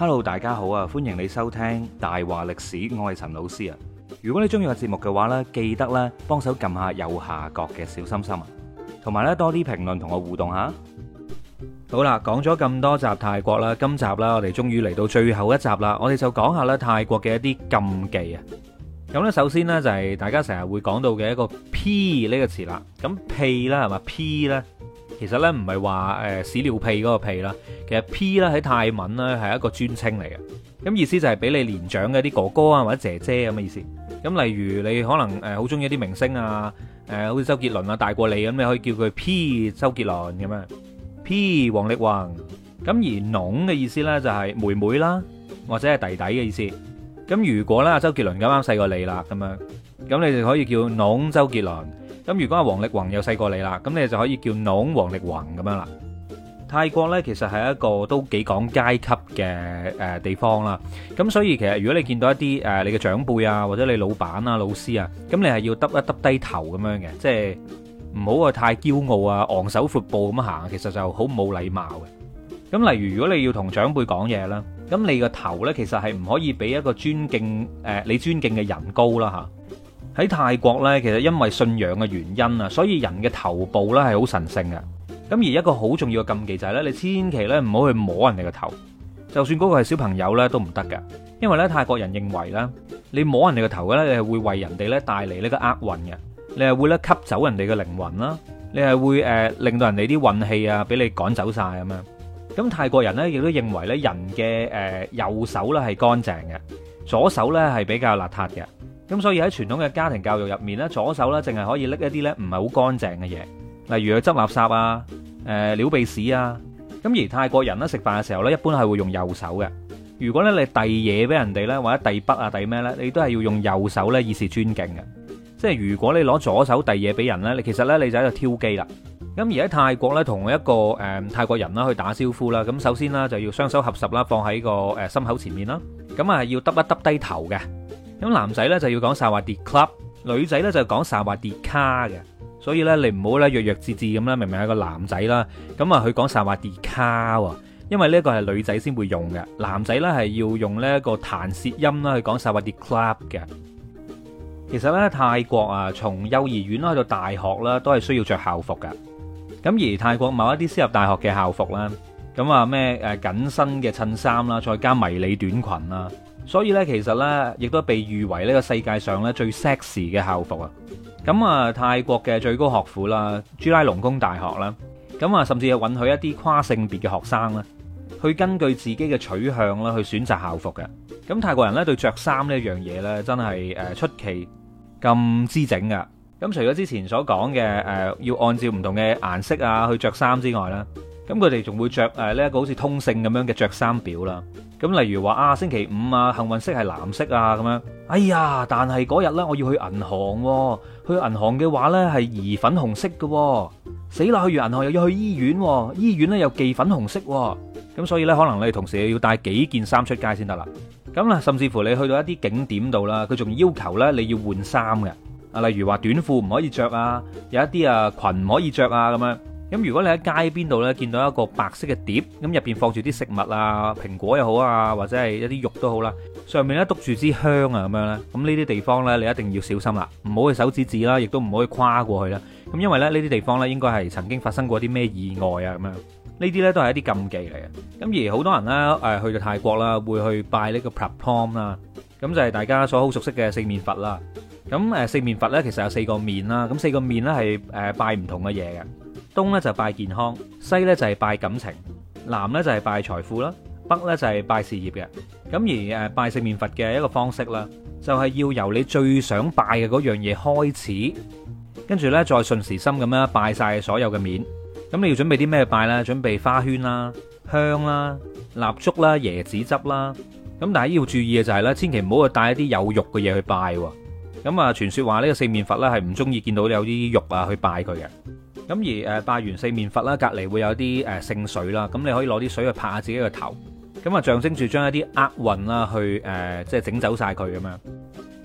Hello，大家好啊！歡迎你收聽大話歷史，我係陳老師啊！如果你中意我節目嘅話呢，記得咧幫手撳下右下角嘅小心心啊，同埋咧多啲評論同我互動下。好啦，講咗咁多集泰國啦，今集啦，我哋終於嚟到最後一集啦，我哋就講下咧泰國嘅一啲禁忌啊。咁呢，首先呢，就係大家成日會講到嘅一個 P 呢個詞啦。咁 P 啦係嘛？P 呢？其實咧唔係話誒屎尿屁嗰個屁啦，其實 P 咧喺泰文咧係一個專稱嚟嘅，咁意思就係俾你年長嘅啲哥哥啊或者姐姐咁嘅意思。咁例如你可能誒好中意啲明星啊，誒好似周杰倫啊大過你咁，你可以叫佢 P 周杰倫咁樣，P 王力宏。咁而農嘅意思咧就係妹妹啦或者係弟弟嘅意思。咁如果咧周杰倫咁啱細過你啦咁樣，咁你就可以叫農周杰倫。咁如果阿王力宏有細過你啦，咁你就可以叫 nong 王力宏咁樣啦。泰國呢，其實係一個都幾講階級嘅誒地方啦。咁所以其實如果你見到一啲誒、呃、你嘅長輩啊，或者你老闆啊、老師啊，咁你係要耷一耷低頭咁樣嘅，即係唔好去太驕傲啊，昂首闊步咁行，其實就好冇禮貌嘅。咁例如如果你要同長輩講嘢啦，咁你個頭呢，其實係唔可以比一個尊敬誒、呃、你尊敬嘅人高啦嚇。喺泰國咧，其實因為信仰嘅原因啊，所以人嘅頭部咧係好神聖嘅。咁而一個好重要嘅禁忌就係咧，你千祈咧唔好去摸人哋嘅頭，就算嗰個係小朋友咧都唔得㗎。因為咧泰國人認為咧，你摸人哋嘅頭咧，你係會為人哋咧帶嚟呢個厄運嘅，你係會咧吸走人哋嘅靈魂啦，你係會誒令到人哋啲運氣啊俾你趕走晒咁樣。咁泰國人咧亦都認為咧，人嘅誒右手咧係乾淨嘅，左手咧係比較邋遢嘅。咁所以喺傳統嘅家庭教育入面咧，左手咧淨係可以拎一啲咧唔係好乾淨嘅嘢，例如去執垃圾啊、誒、撩鼻屎啊。咁而泰國人咧食飯嘅時候咧，一般係會用右手嘅。如果咧你遞嘢俾人哋咧，或者遞筆啊、遞咩咧，你都係要用右手咧以示尊敬嘅。即係如果你攞左手遞嘢俾人咧，你其實咧你就喺度挑機啦。咁而喺泰國咧，同一個誒泰國人啦去打招呼啦，咁首先啦就要雙手合十啦，放喺個誒心口前面啦，咁啊要揼一揼低頭嘅。咁男仔呢就要講沙華迪 Club，女仔呢就講沙華迪卡嘅。所以呢，你唔好呢，弱弱字字咁啦，明明係個男仔啦，咁啊佢講沙華迪卡喎，因為呢一個係女仔先會用嘅，男仔呢係要用呢一個彈舌音啦去講沙華迪 Club 嘅。其實呢，泰國啊，從幼兒園啦去到大學啦，都係需要着校服嘅。咁而泰國某一啲私立大學嘅校服咧，咁啊咩誒緊身嘅襯衫啦，再加迷你短裙啦。所以咧，其實咧，亦都被譽為呢個世界上咧最 sexy 嘅校服啊！咁啊，泰國嘅最高學府啦，朱拉隆功大學啦，咁啊，甚至係允許一啲跨性別嘅學生啦，去根據自己嘅取向啦，去選擇校服嘅。咁泰國人咧對着衫呢一樣嘢咧，真係誒出奇咁知整噶。咁除咗之前所講嘅、呃、要按照唔同嘅顏色啊去着衫之外呢。咁佢哋仲會著誒呢一個好似通勝咁樣嘅著衫表啦。咁例如話啊，星期五啊，幸運色係藍色啊咁樣。哎呀，但係嗰日咧，我要去銀行，去銀行嘅話咧係宜粉紅色嘅。死啦，去完銀行又要去醫院，醫院咧又忌粉紅色喎。咁所以咧，可能你同時要帶幾件衫出街先得啦。咁啦，甚至乎你去到一啲景點度啦，佢仲要求咧你要換衫嘅。啊，例如話短褲唔可以著啊，有一啲啊裙唔可以著啊咁樣。咁如果你喺街邊度咧見到一個白色嘅碟，咁入邊放住啲食物啊，蘋果又好啊，或者係一啲肉都好啦，上面咧篤住支香啊，咁樣咧，咁呢啲地方咧你一定要小心啦，唔好去手指指啦，亦都唔好去跨過去啦。咁因為咧呢啲地方咧應該係曾經發生過啲咩意外啊咁樣，呢啲咧都係一啲禁忌嚟嘅。咁而好多人咧誒去到泰國啦，會去拜呢個 Prapom 啦，咁就係大家所好熟悉嘅四面佛啦。咁誒四面佛咧其實有四個面啦，咁四個面咧係誒拜唔同嘅嘢嘅。東咧就拜健康，西咧就係拜感情，南咧就係拜財富啦，北咧就係拜事業嘅。咁而誒拜四面佛嘅一個方式啦，就係要由你最想拜嘅嗰樣嘢開始，跟住咧再順時針咁啦拜晒所有嘅面。咁你要準備啲咩拜咧？準備花圈啦、香啦、蠟燭啦、椰子汁啦。咁但係要注意嘅就係咧，千祈唔好去帶一啲有肉嘅嘢去拜。咁啊，傳說話呢個四面佛咧係唔中意見到有啲肉啊去拜佢嘅。咁而誒拜完四面佛啦，隔離會有啲誒聖水啦。咁你可以攞啲水去拍下自己個頭，咁啊象徵住將一啲厄運啦，去誒即係整走曬佢咁樣。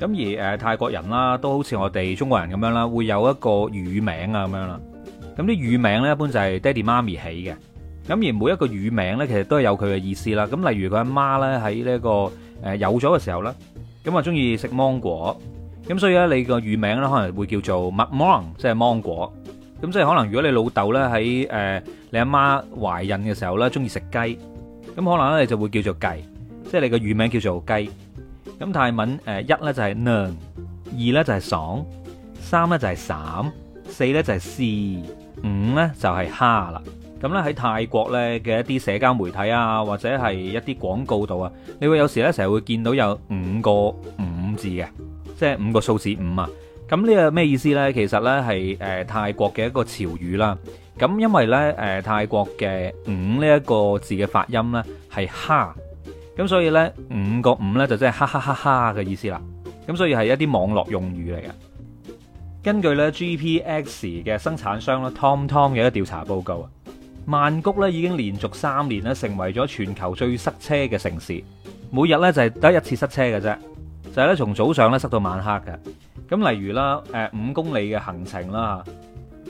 咁而誒泰國人啦，都好似我哋中國人咁樣啦，會有一個乳名啊咁樣啦。咁啲乳名咧，一般就係爹哋媽咪起嘅。咁而每一個乳名咧，其實都係有佢嘅意思啦。咁例如佢阿媽咧喺呢個有咗嘅時候啦，咁啊中意食芒果，咁所以咧你個乳名咧可能會叫做麥芒，即係芒果。咁即係可能，如果你老豆咧喺誒你阿媽懷孕嘅時候咧，中意食雞，咁可能咧你就會叫做雞，即係、就是、你個乳名叫做雞。咁泰文誒一咧就係、是、娘，二咧就係、是、爽，3就是、三咧就係、是、三，四咧就係、是、四，五咧就係蝦啦。咁咧喺泰國咧嘅一啲社交媒體啊，或者係一啲廣告度、就是、啊，你會有時咧成日會見到有五個五字嘅，即係五個數字五啊。咁呢個咩意思呢？其實呢係、呃、泰國嘅一個潮語啦。咁、嗯、因為呢、呃、泰國嘅五呢一個字嘅發音呢係哈，咁所以呢「五個五」呢就即係哈哈哈哈嘅意思啦。咁所以係一啲網絡用語嚟嘅。根據呢 G P X 嘅生產商啦，TomTom 嘅一個調查報告啊，曼谷呢已經連續三年呢成為咗全球最塞車嘅城市。每日呢就係、是、得一次塞車嘅啫，就係咧從早上呢塞到晚黑嘅。咁例如啦，誒五公里嘅行程啦，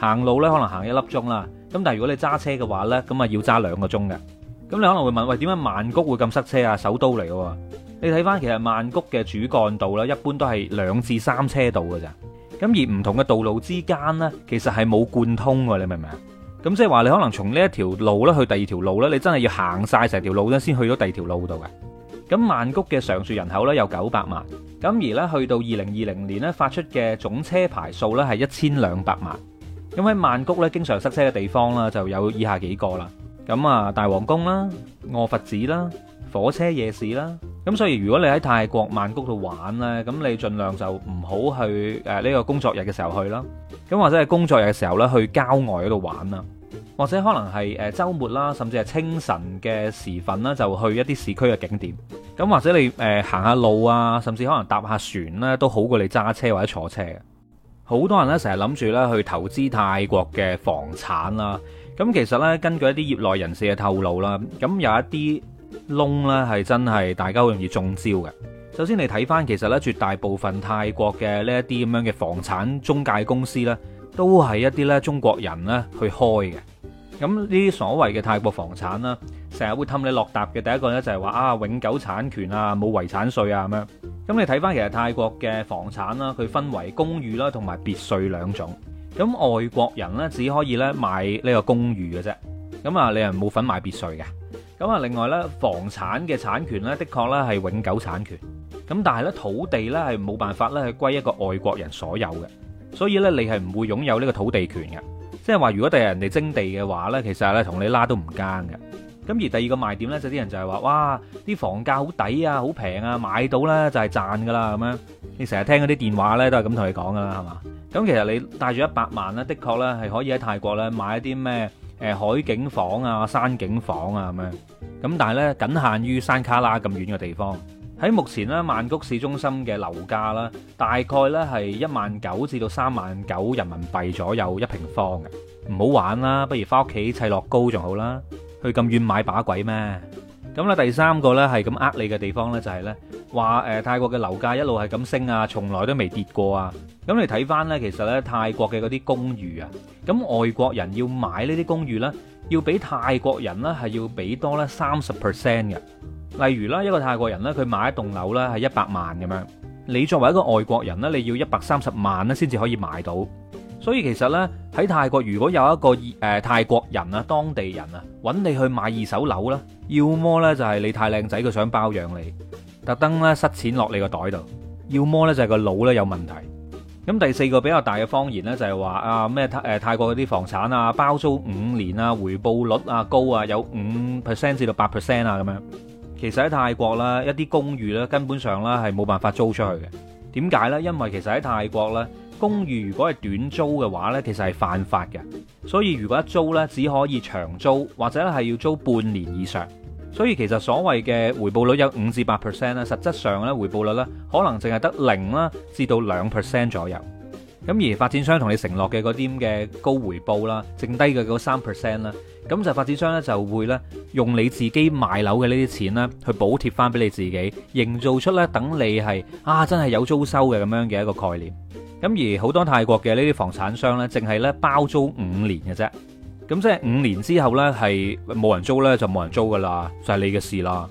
行路咧可能行一粒鐘啦。咁但係如果你揸車嘅話咧，咁啊要揸兩個鐘嘅。咁你可能會問，喂點解曼谷會咁塞車啊？首都嚟嘅喎。你睇翻其實曼谷嘅主幹道咧，一般都係兩至三車道嘅咋。咁而唔同嘅道路之間咧，其實係冇貫通嘅，你明唔明啊？咁即係話你可能從呢一條路咧去第二條路咧，你真係要行曬成條路咧先去到第二條路度嘅。咁曼谷嘅常住人口咧有九百萬，咁而咧去到二零二零年咧發出嘅總車牌數咧係一千兩百萬。咁喺曼谷咧經常塞車嘅地方啦就有以下幾個啦，咁啊大皇宮啦、卧佛寺啦、火車夜市啦，咁所以如果你喺泰國曼谷度玩咧，咁你盡量就唔好去誒呢個工作日嘅時候去啦，咁或者係工作日嘅時候咧去郊外嗰度玩啦。或者可能係誒周末啦，甚至係清晨嘅時分啦，就去一啲市區嘅景點。咁或者你誒行下路啊，甚至可能搭下船咧，都好過你揸車或者坐車。好多人呢，成日諗住呢去投資泰國嘅房產啦。咁其實呢，根據一啲業內人士嘅透露啦，咁有一啲窿呢係真係大家好容易中招嘅。首先你睇翻，其實呢絕大部分泰國嘅呢一啲咁樣嘅房產中介公司呢。都係一啲咧中國人咧去開嘅，咁呢啲所謂嘅泰國房產啦，成日會氹你落搭嘅第一個咧，就係話啊永久產權啊，冇遺產稅啊咁樣。咁你睇翻其實泰國嘅房產啦，佢分為公寓啦同埋別墅兩種。咁外國人咧，只可以咧買呢個公寓嘅啫，咁啊你係冇份買別墅嘅。咁啊另外咧，房產嘅產權咧，的確咧係永久產權，咁但係咧，土地咧，係冇辦法咧去歸一個外國人所有嘅。所以咧，你係唔會擁有呢個土地權嘅，即係話如果第日人哋徵地嘅話呢，其實咧同你拉都唔奸嘅。咁而第二個賣點呢，就啲人就係話，哇，啲房價好抵啊，好平啊，買到呢就係賺噶啦咁樣。你成日聽嗰啲電話呢，都係咁同你講噶啦，係嘛？咁其實你帶住一百萬呢，的確呢係可以喺泰國呢買一啲咩海景房啊、山景房啊咁樣。咁但係呢，僅限於山卡拉咁遠嘅地方。喺目前咧，曼谷市中心嘅樓價啦，大概咧係一萬九至到三萬九人民幣左右一平方嘅。唔好玩啦，不如翻屋企砌樂高仲好啦。去咁遠買把鬼咩？咁咧第三個咧係咁呃你嘅地方咧，就係咧話誒，泰國嘅樓價一路係咁升啊，從來都未跌過啊。咁你睇翻咧，其實咧泰國嘅嗰啲公寓啊，咁外國人要買呢啲公寓咧，要比泰國人咧係要俾多咧三十 percent 嘅。例如啦，一個泰國人咧，佢買一棟樓咧係一百萬咁樣。你作為一個外國人咧，你要一百三十萬咧先至可以買到。所以其實咧喺泰國，如果有一個誒、呃、泰國人啊、當地人啊揾你去買二手樓啦，要麼咧就係你太靚仔，佢想包養你，特登咧塞錢落你個袋度；要麼咧就係個腦咧有問題。咁第四個比較大嘅謊言咧就係話啊咩泰誒泰國嗰啲房產啊，包租五年啊，回報率啊高啊，有五 percent 至到八 percent 啊咁樣。其實喺泰國啦，一啲公寓咧根本上咧係冇辦法租出去嘅。點解呢？因為其實喺泰國咧，公寓如果係短租嘅話咧，其實係犯法嘅。所以如果一租咧，只可以長租或者係要租半年以上。所以其實所謂嘅回報率有五至八 percent 咧，實質上咧回報率咧可能淨係得零啦至到兩 percent 左右。咁而發展商同你承諾嘅嗰啲咁嘅高回報啦，剩低嘅嗰三 percent 啦，咁就發展商呢就會呢，用你自己買樓嘅呢啲錢呢去補貼翻俾你自己，營造出呢等你係啊真係有租收嘅咁樣嘅一個概念。咁而好多泰國嘅呢啲房產商呢，淨係呢包租五年嘅啫，咁即係五年之後呢，係冇人租呢，就冇人租噶啦，就係你嘅事啦。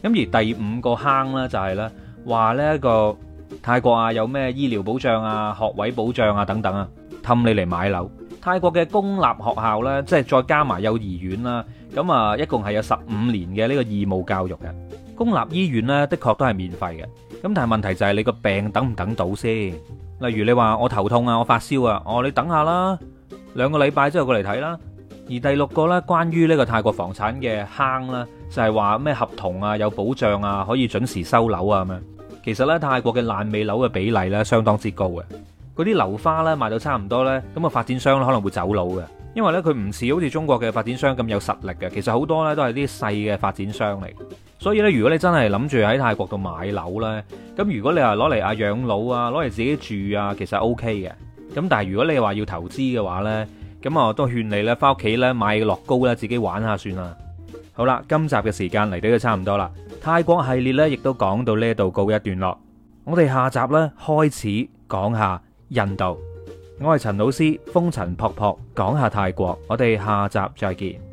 咁而第五個坑呢，就係呢話呢一個。泰國啊，有咩醫療保障啊、學位保障啊等等啊，氹你嚟買樓。泰國嘅公立學校呢，即係再加埋幼兒園啦，咁啊，一共係有十五年嘅呢個義務教育嘅。公立醫院呢，的確都係免費嘅。咁但係問題就係你個病等唔等到先？例如你話我頭痛啊，我發燒啊，哦你等下啦，兩個禮拜之後過嚟睇啦。而第六個呢，關於呢個泰國房產嘅坑啦，就係話咩合同啊有保障啊，可以準時收樓啊咁樣。其實咧，泰國嘅爛尾樓嘅比例咧，相當之高嘅。嗰啲樓花咧賣到差唔多咧，咁啊發展商咧可能會走佬嘅，因為咧佢唔似好似中國嘅發展商咁有實力嘅。其實好多咧都係啲細嘅發展商嚟。所以咧，如果你真係諗住喺泰國度買樓咧，咁如果你係攞嚟啊養老啊，攞嚟自己住啊，其實 OK 嘅。咁但係如果你話要投資嘅話咧，咁啊都勸你咧返屋企咧買個樂高咧自己玩下算啦。好啦，今集嘅時間嚟到都差唔多啦，泰國系列呢，亦都講到呢度告一段落，我哋下集呢，開始講下印度，我係陳老師，風塵僕僕講下泰國，我哋下集再見。